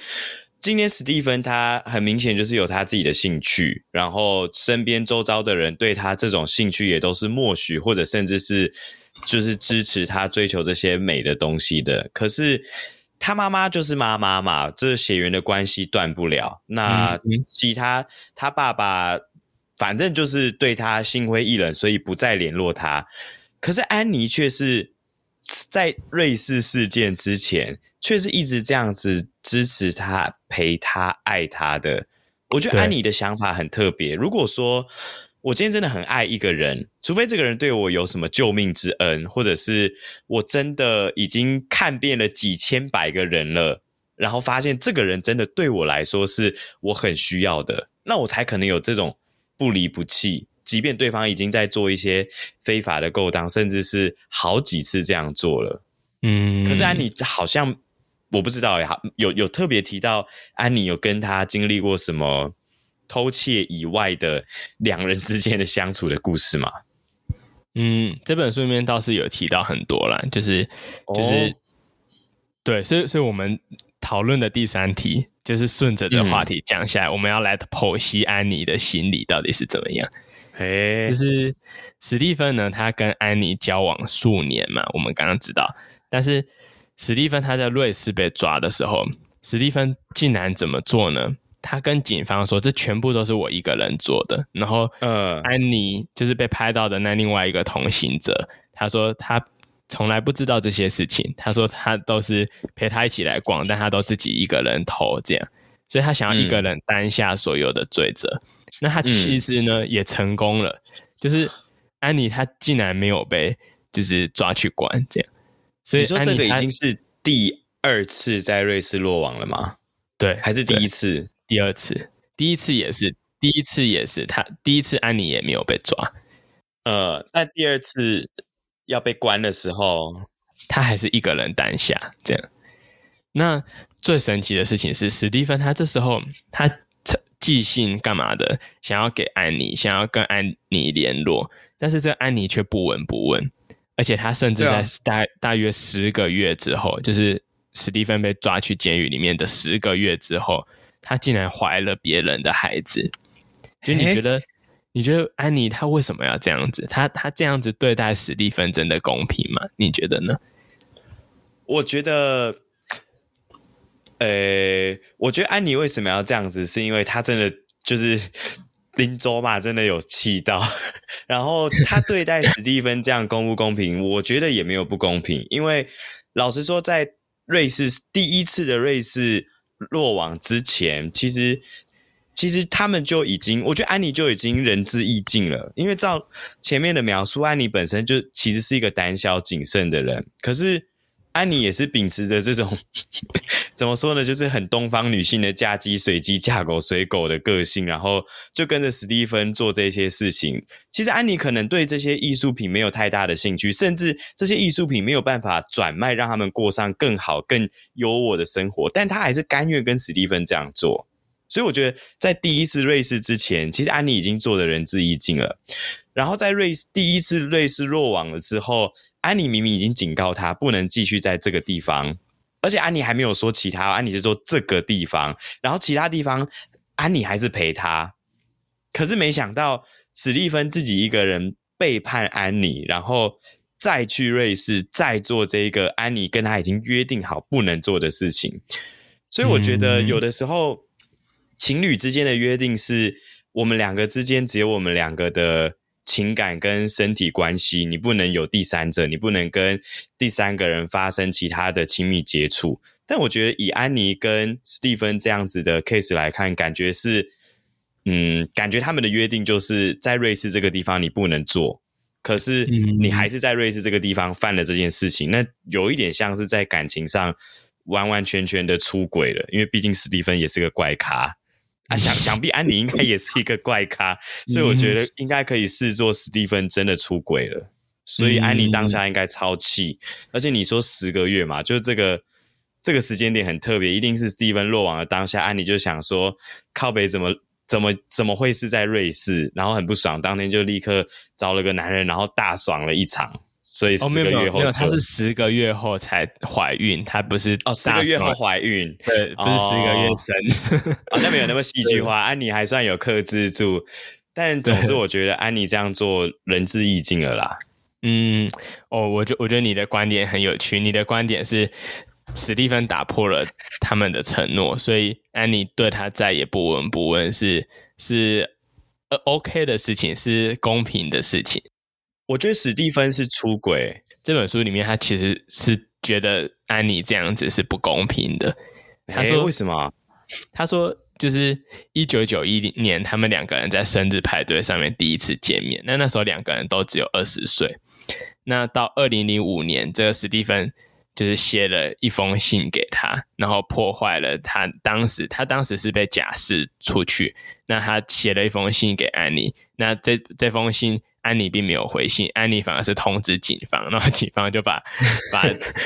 今天史蒂芬他很明顯就是有他自己的興趣，然後身邊周遭的人對他這種興趣也都是默許，或者甚至是就是支持他追求這些美的東西的。可是他媽媽就是媽媽嘛，這、就是、血緣的關係斷不了。那其他他爸爸反正就是對他心灰意冷，所以不再聯絡他。可是安妮卻是在瑞士事件之前，卻是一直這樣子。支持他、陪他、愛他的，我覺得安妮的想法很特別。對如果說我今天真的很愛一個人，除非這個人對我有什麼救命之恩，或者是我真的已經看遍了幾千百個人了，然後發現這個人真的對我來說是我很需要的，那我才可能有這種不離不棄，即便對方已經在做一些非法的勾當，甚至是好幾次這樣做了，嗯，可是安妮好像。我不知道呀，有有特別提到安妮有跟他經歷過什麼偷竊以外的兩人之間的相處的故事嗎？嗯，這本書裡面倒是有提到很多啦，就是就是、哦、對，所以所以我們討論的第三題就是順着這個話題講下來，嗯、我們要來剖析安妮的心理到底是怎麼樣。哎嘿，就是史蒂芬呢，他跟安妮交往數年嘛，我們剛剛知道，但是。史蒂芬他在瑞士被抓的時候，史蒂芬竟然怎麼做呢？他跟警方說：“這全部都是我一個人做的。”然後，呃，安妮就是被拍到的那另外一個同行者，嗯、他說他從來不知道這些事情。他說他都是陪他一起來逛，但他都自己一個人偷這樣，所以他想要一個人擔下所有的罪責。嗯、那他其實呢、嗯、也成功了，就是安妮他竟然沒有被就是抓去關這樣。所以你說這個已經是第二次在瑞士落網了嗎？安妮 對，還是第一次？第二次，第一次也是，第一次也是，他第一次安妮也沒有被抓。呃，但第二次要被關的時候，他還是一個人單下這樣。那最神奇的事情是，史蒂芬他這時候他寄信幹嘛的？想要給安妮，想要跟安妮聯絡，但是這安妮卻不聞不問。而且他甚至在大大約十個月之後，啊、就是史蒂芬被抓去監獄裡面的十個月之後，他竟然懷了別人的孩子。所以你覺得，欸、你覺得安妮她為什麼要這樣子？她她這樣子對待史蒂芬真的公平嗎？你覺得呢？我覺得，呃、欸，我覺得安妮為什麼要這樣子，是因為她真的就是。林州嘛，真的有氣到。 然後他對待史蒂芬這樣公不公平？ 我覺得也沒有不公平，因為老實說，在瑞士第一次的瑞士落網之前，其實其實他們就已經，我覺得安妮就已經仁至義盡了。因為照前面的描述，安妮本身就其實是一個膽小謹慎的人，可是安妮也是秉持着這種。 怎麼說呢？就是很東方女性的嫁雞隨雞、嫁狗隨狗的個性，然後就跟着史蒂芬做這些事情。其實安妮可能對這些藝術品沒有太大的興趣，甚至這些藝術品沒有辦法轉賣，讓他們過上更好、更優渥的生活。但她還是甘願跟史蒂芬這樣做。所以我覺得，在第一次瑞士之前，其實安妮已經做得仁至義盡了。然後在瑞士第一次瑞士落網了之後，安妮明明已經警告他不能繼續在這個地方。而且安妮還沒有說其他，安妮是說這個地方，然後其他地方，安妮還是陪他。可是沒想到史蒂芬自己一個人背叛安妮，然後再去瑞士，再做這個安妮跟他已經約定好不能做的事情。所以我覺得有的時候，情侶之間的約定是我們兩個之間只有我們兩個的。情感跟身體關係，你不能有第三者，你不能跟第三個人發生其他的親密接觸。但我覺得以安妮跟斯蒂芬這樣子的 case 來看，感覺是，嗯，感覺他們的約定就是在瑞士這個地方你不能做，可是你還是在瑞士這個地方犯了這件事情。嗯，那有一點像是在感情上完完全全的出軌了，因為畢竟斯蒂芬也是個怪咖。啊，想想必安妮應該也是一個怪咖， 所以我覺得應該可以視作史蒂芬真的出軌了。所以安妮當下應該超氣，嗯、而且你說十個月嘛，就是這個這個時間點很特別，一定是史蒂芬落網的當下，安妮就想說，靠北怎麼怎麼怎麼會是在瑞士，然後很不爽，當天就立刻找了個男人，然後大爽了一場。所以十個月後、哦，沒有，她是十個月後才懷孕。她不是哦，十個月後懷孕，對，哦，不是十個月生，哦， 哦，那沒有那麼戲劇化。對安妮還算有克制住，但總之我覺得安妮這樣做仁至義盡了啦。嗯，哦，我覺我覺得你的觀點很有趣，你的觀點是史蒂芬打破了他們的承諾，所以安妮對他再也不聞不問，是是 OK 的事情，是公平的事情。我覺得史蒂芬是出軌。這本書裡面，他其實是覺得安妮這樣子是不公平的。他說：“欸、為什麼？”他說：“就是一九九一年，他們兩個人在生日派對上面第一次見面。那那時候兩個人都只有二十歲。那到二零零五年，這個史蒂芬就是寫了一封信給他，然後破壞了他當時他當時是被假釋出去。嗯、那他寫了一封信給安妮。那這這封信。”安妮並沒有回信，安妮反而是通知警方，然後警方就把 把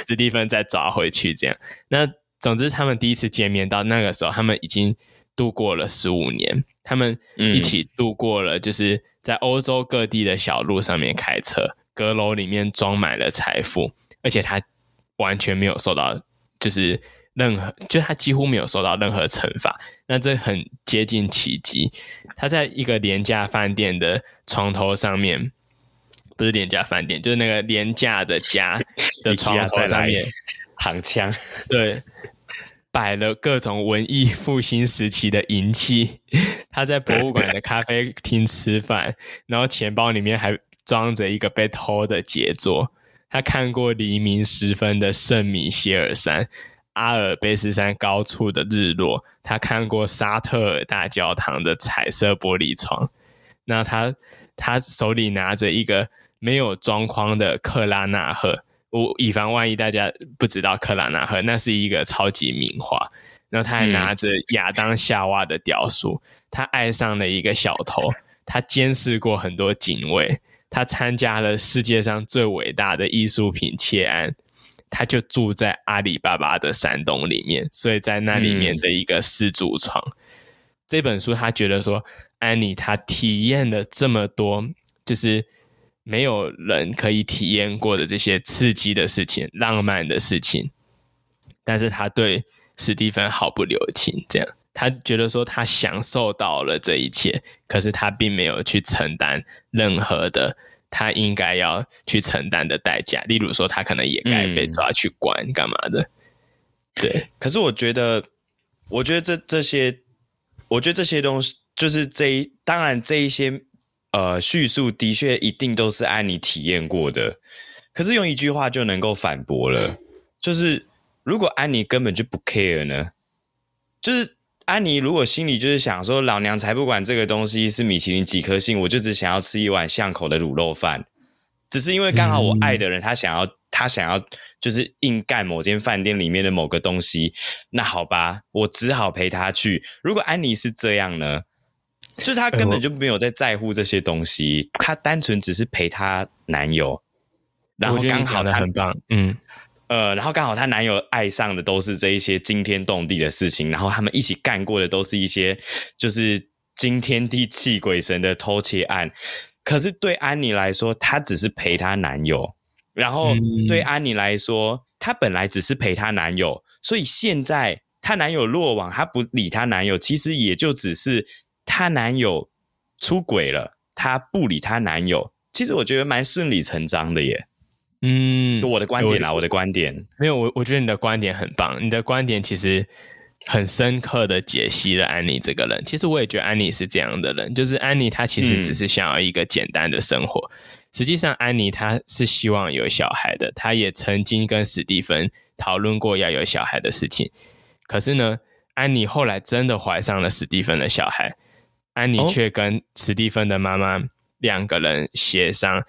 史蒂芬再抓回去。這樣，那總之他們第一次見面到那個時候，他們已經度過了十五年，他們一起度過了就是在歐洲各地的小路上面開車，嗯、閣樓裡面裝滿了財富，而且他完全沒有受到就是。任何，就他幾乎沒有受到任何懲罰。那這很接近奇蹟。他在一個廉價飯店的床頭上面，不是廉價飯店，就是那個廉價的家的床頭上面，躺槍，對，擺了各種文藝復興時期的銀器。他在博物館的咖啡廳吃飯， 然後錢包裡面還裝着一個被偷的傑作。他看過黎明時分的聖米歇爾山。阿爾卑斯山高處的日落，他看過沙特爾大教堂的彩色玻璃窗。那他他手裡拿着一個沒有裝框的克拉納赫，我以防萬一，大家不知道克拉納赫，那是一個超級名畫。然後他還拿着亞當夏娃的雕塑，嗯、他愛上了一個小偷，他監視過很多警衛，他參加了世界上最偉大的藝術品竊案。他就住在阿里巴巴的山洞裡面，所以在那裡面的一個四柱床。嗯、這本書，他覺得說，安妮她體驗了這麼多，就是沒有人可以體驗過的這些刺激的事情、浪漫的事情，但是他對史蒂芬毫不留情。這樣，他覺得說，他享受到了這一切，可是他並沒有去承擔任何的。他應該要去承擔的代價，例如說他可能也該被抓去關、嗯、幹嘛的，對。可是我覺得，我覺得這這些，我覺得這些東西，就是這一，當然這一些，呃，敘述的確一定都是安妮體驗過的，可是用一句話就能夠反駁了，就是如果安妮根本就不 care 呢，就是。安妮如果心裡就是想說，老娘才不管這個東西是米其林幾顆星，我就只想要吃一碗巷口的滷肉飯。只是因為剛好我愛的人，嗯、他想要，他想要就是硬幹某間飯店裡面的某個東西。那好吧，我只好陪他去。如果安妮是這樣呢？就是他根本就沒有在在乎這些東西，欸、我他單純只是陪他男友，然後剛好他很棒，嗯。呃，然後剛好她男友愛上的都是這一些驚天動地的事情，然後他們一起幹過的都是一些就是驚天地泣鬼神的偷竊案。可是對安妮來說，她只是陪她男友；然後對安妮來說，她、嗯、本來只是陪她男友，所以現在她男友落網，她不理她男友，其實也就只是她男友出軌了，她不理她男友。其實我覺得蠻順理成章的耶。嗯，就我的觀點啦，欸、我，我的觀點沒有我，我覺得你的觀點很棒。你的觀點其實很深刻的解析了安妮這個人。其實我也覺得安妮是這樣的人，就是安妮她其實只是想要一個簡單的生活。嗯、實際上，安妮她是希望有小孩的，她也曾經跟史蒂芬討論過要有小孩的事情。可是呢，安妮後來真的懷上了史蒂芬的小孩，安妮卻跟史蒂芬的媽媽兩個人協商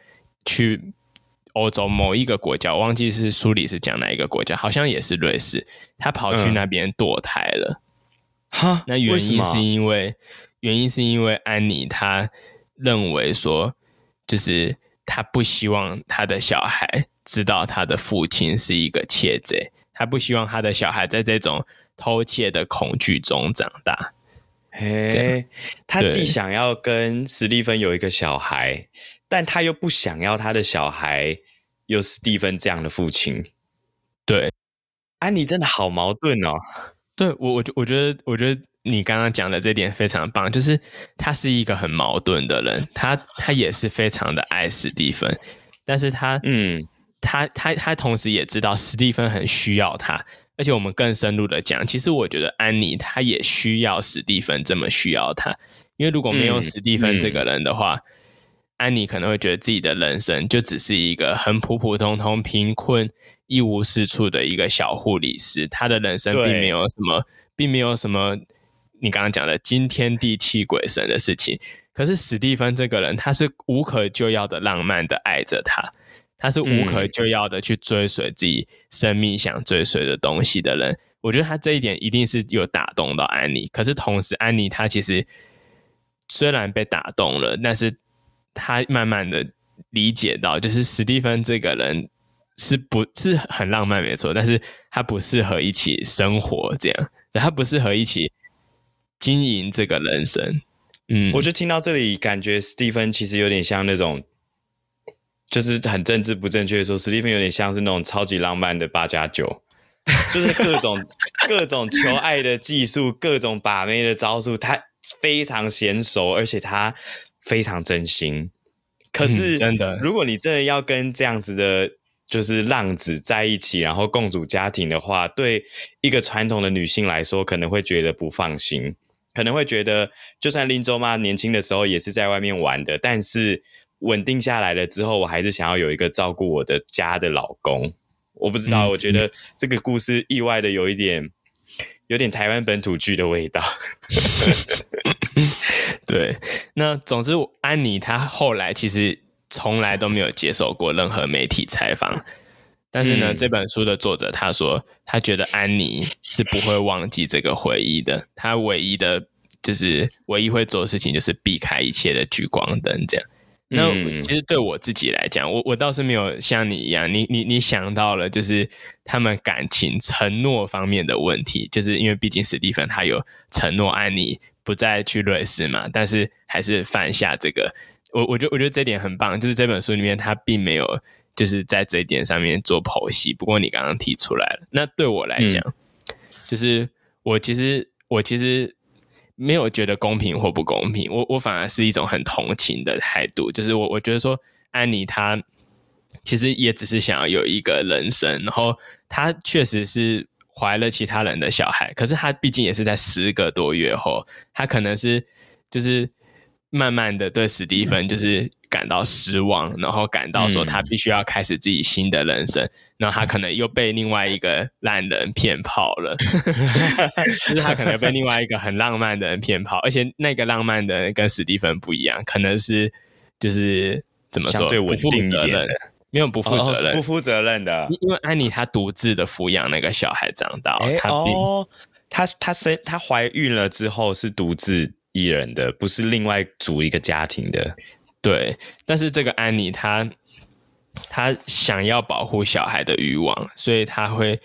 去歐洲某一個國家，我忘記是書裡是講哪一個國家，好像也是瑞士。他跑去那邊墮胎了。嗯、哈，那原因是因為，為原因是因為安妮她認為說，就是她不希望她的小孩知道她的父親是一個竊賊，她不希望她的小孩在這種偷竊的恐懼中長大。哎嘿，她既想要跟史蒂芬有一個小孩，對但她又不想要她的小孩。有史蒂芬這樣的父親，對。安妮真的好矛盾哦。對我，我我覺得，我覺得你剛剛講的這點非常棒，就是他是一個很矛盾的人，他他也是非常的愛史蒂芬，但是他嗯，他他他同時也知道史蒂芬很需要他，而且我們更深入的講，其實我覺得安妮她也需要史蒂芬這麼需要他，因為如果沒有史蒂芬這個人的話，嗯嗯安妮可能會覺得自己的人生就只是一個很普普通通、貧困一無是處的一個小護理師，她的人生並沒有什麼，對並沒有什麼你剛剛講的驚天地泣鬼神的事情。可是史蒂芬這個人，他是無可救藥的浪漫的愛着她，他是無可救藥的去追隨自己生命想追隨的東西的人。嗯、我覺得他這一點一定是有打動到安妮。可是同時，安妮她其實雖然被打動了，但是。他慢慢的理解到，就是史蒂芬這個人是不是很浪漫沒錯，但是他不適合一起生活，這樣，他不適合一起經營這個人生。嗯，我就聽到這裡，感覺史蒂芬其實有點像那種，就是很政治不正確的說，史蒂芬有點像是那種超級浪漫的八加九，9, 就是各種 各種求愛的技術，各種把妹的招數，他非常嫻熟，而且他。非常真心，可是、嗯、真的，如果你真的要跟這樣子的，就是浪子在一起，然後共組家庭的話，對一個傳統的女性來說，可能會覺得不放心，可能會覺得，就算林州媽年輕的時候也是在外面玩的，但是穩定下來了之後，我還是想要有一個照顧我的家的老公。我不知道，嗯、我覺得這個故事意外的有一點。有點台灣本土劇的味道， 對。那總之，安妮她後來其實從來都沒有接受過任何媒體採訪，但是呢，嗯、這本書的作者他說，他覺得安妮是不會忘記這個回憶的，她唯一的就是唯一會做的事情就是避開一切的聚光燈，這樣。那其實對我自己來講，我我倒是沒有像你一樣，你你你想到了就是他們感情承諾方面的問題，就是因為畢竟史蒂芬他有承諾安妮不再去瑞士嘛，但是還是犯下這個，我我覺得我覺得這點很棒，就是這本書裡面他並沒有就是在這一點上面做剖析。不過你剛剛提出來了，那對我來講，嗯、就是我其實我其實。沒有覺得公平或不公平，我我反而是一種很同情的態度，就是我我覺得說安妮她其實也只是想要有一個人生，然後她確實是懷了其他人的小孩，可是她畢竟也是在十個多月後，她可能是就是慢慢的對史蒂芬就是。感到失望，然後感到說，他必須要開始自己新的人生，嗯、然後他可能又被另外一個爛人騙跑了， 就是他可能被另外一個很浪漫的人騙跑，而且那個浪漫的人跟史蒂芬不一樣，可能是就是怎麼說，對，穩定一點的，沒有不負責任，不負責任，哦、不負責任的，因為安妮她獨自的撫養那個小孩長大，哦誒被，她她生她懷孕了之後是獨自一人的，不是另外組一個家庭的。對，但是這個安妮她，她她想要保護小孩的欲望，所以她會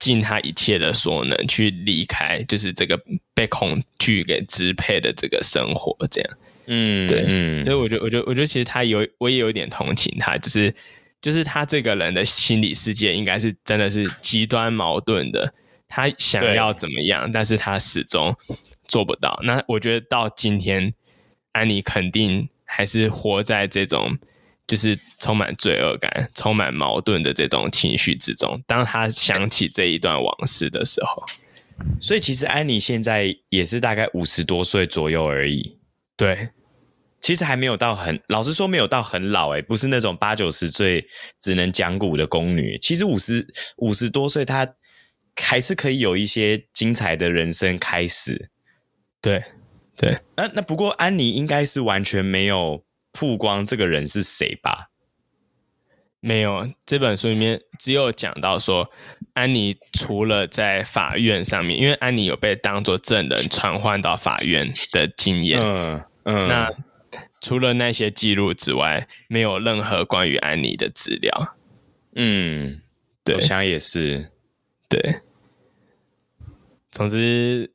盡她一切的所能去離開，就是這個被恐懼給支配的這個生活，這樣。嗯，對。嗯、所以我覺得，我覺得，我覺得其實她有，我也有點同情她，就是就是她這個人的心理世界應該是真的是極端矛盾的。她想要怎麼樣，對但是她始終做不到。那我覺得到今天，安妮肯定。還是活在這種就是充滿罪惡感、充滿矛盾的這種情緒之中，當他想起這一段往事的時候，所以其實安妮現在也是大概五十多歲左右而已。對，其實還沒有到很，老實說沒有到很老誒、欸，不是那種八九十歲只能講古的宮女。其實五十五十多歲，她還是可以有一些精彩的人生開始。對。對，那、啊、那不過安妮應該是完全沒有曝光這個人是誰吧？沒有，這本書裡面只有講到說，安妮除了在法院上面，因為安妮有被當作證人傳喚到法院的經驗，嗯，嗯，那除了那些記錄之外，沒有任何關於安妮的資料。嗯，對，我想也是，對，總之。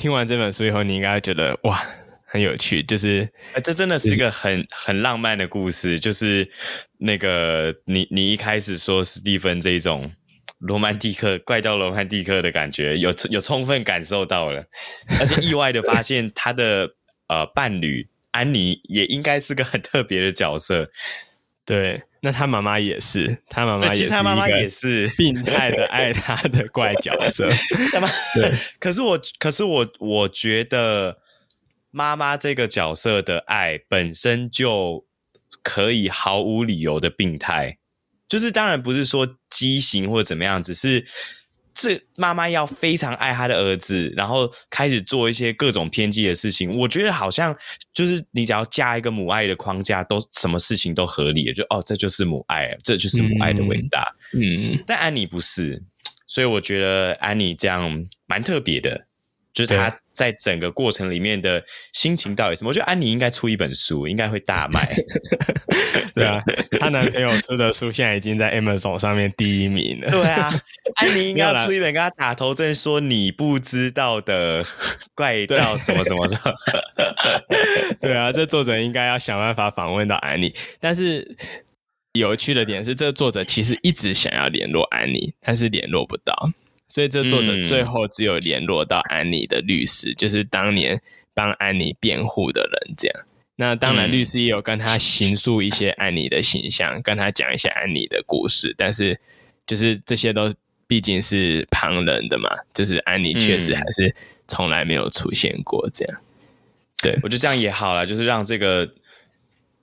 聽完這本書以後，你應該會覺得哇，很有趣，就是這真的是一個很很浪漫的故事。就是那個你你一開始說史蒂芬這一種羅曼蒂克、怪盜羅曼蒂克的感覺，有有充分感受到了，而且意外的發現他的 對呃伴侶安妮也應該是個很特別的角色，對。那他媽媽也是，他媽媽其實他媽媽也是 病態的愛他的怪角色。 對 可是我，可是我，我覺得媽媽這個角色的愛本身就可以毫無理由的病態，就是當然不是說畸形或怎麼樣，只是。這媽媽要非常愛她的兒子，然後開始做一些各種偏激的事情。我覺得好像就是你只要加一個母愛的框架，都什麼事情都合理，就哦，這就是母愛，這就是母愛的偉大。嗯，嗯。但安妮不是，所以我覺得安妮這樣蠻特別的。就是他在整個過程裡面的心情到底什麼？對我覺得安妮應該出一本書，應該會大賣。 對啊，她男朋友出的書現在已經在 Amazon 上面第一名了。 對啊，安妮應該要出一本，跟他打頭陣說你不知道的怪盜什麼什麼什麼。 對啊，這作者應該要想辦法訪問到安妮。但是有趣的點是，這個、作者其實一直想要聯絡安妮，但是聯絡不到。所以，這作者最後只有聯絡到安妮的律師，嗯、就是當年幫安妮辯護的人這樣。那當然律師也有跟他形塑一些安妮的形象，嗯、跟他講一些安妮的故事。但是，就是這些都畢竟是旁人的嘛，就是安妮確實還是從來沒有出現過這樣。嗯、對，我覺得這樣也好啦，就是讓這個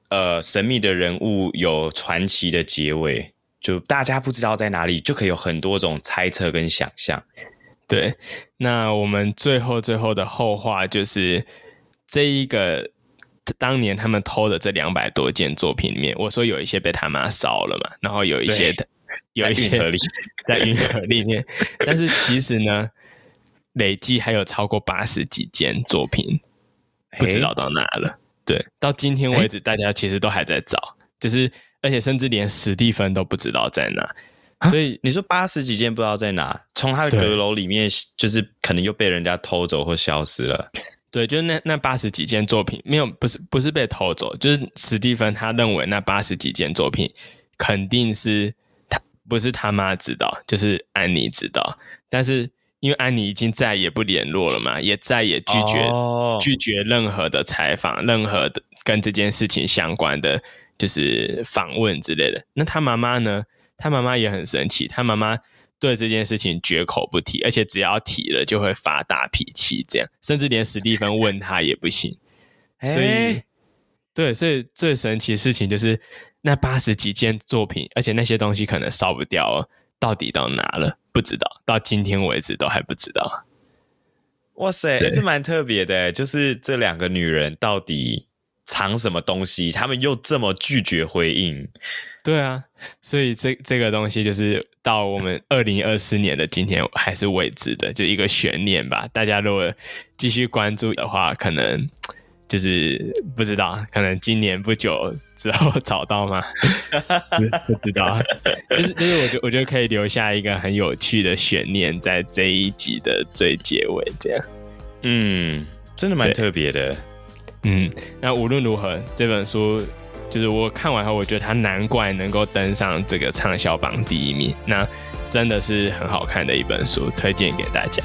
呃神秘的人物有傳奇的結尾。就大家不知道在哪裡，就可以有很多種猜測跟想象。對，那我們最後最後的後話就是，這一個當年他們偷的這兩百多件作品裡面，我說有一些被他媽燒了嘛，然後有一些對有一些在運河裡， 在運河裡面，但是其實呢，累計還有超過八十幾件作品嘿不知道到哪了。對，到今天為止，大家其實都還在找，嘿就是。而且甚至連史蒂芬都不知道在哪，蛤所以你說八十幾件不知道在哪，從他的閣樓裡面，就是可能又被人家偷走或消失了。對，就是那那八十幾件作品，沒有不是不是被偷走，就是史蒂芬他認為那八十幾件作品肯定是他不是他媽知道，就是安妮知道，但是因為安妮已經再也不聯絡了嘛，也再也拒絕、哦、拒絕任何的採訪，任何的跟這件事情相關的。就是訪問之類的。那他媽媽呢？他媽媽也很神奇，他媽媽對這件事情絕口不提，而且只要提了就會發大脾氣。這樣，甚至連史蒂芬問他也不行。 Hey, 所以，對，所以最神奇的事情就是那八十幾件作品，而且那些東西可能燒不掉，哦，到底到哪了？不知道，到今天為止都還不知道。哇塞，還是對蠻特別的。就是這兩個女人到底藏什麼東西？他們又這麼拒絕回應，對啊，所以這這個東西就是到我們二零二四年的今天還是未知的，就一個懸念吧。大家如果繼續關注的話，可能就是不知道，可能今年不久之後找到嗎？不知道，就是就是我覺我覺得可以留下一個很有趣的懸念在這一集的最結尾這樣。嗯，真的蠻特別的。嗯，那無論如何，這本書就是我看完後，我覺得它難怪能夠登上這個暢銷榜第一名，那真的是很好看的一本書，推薦給大家。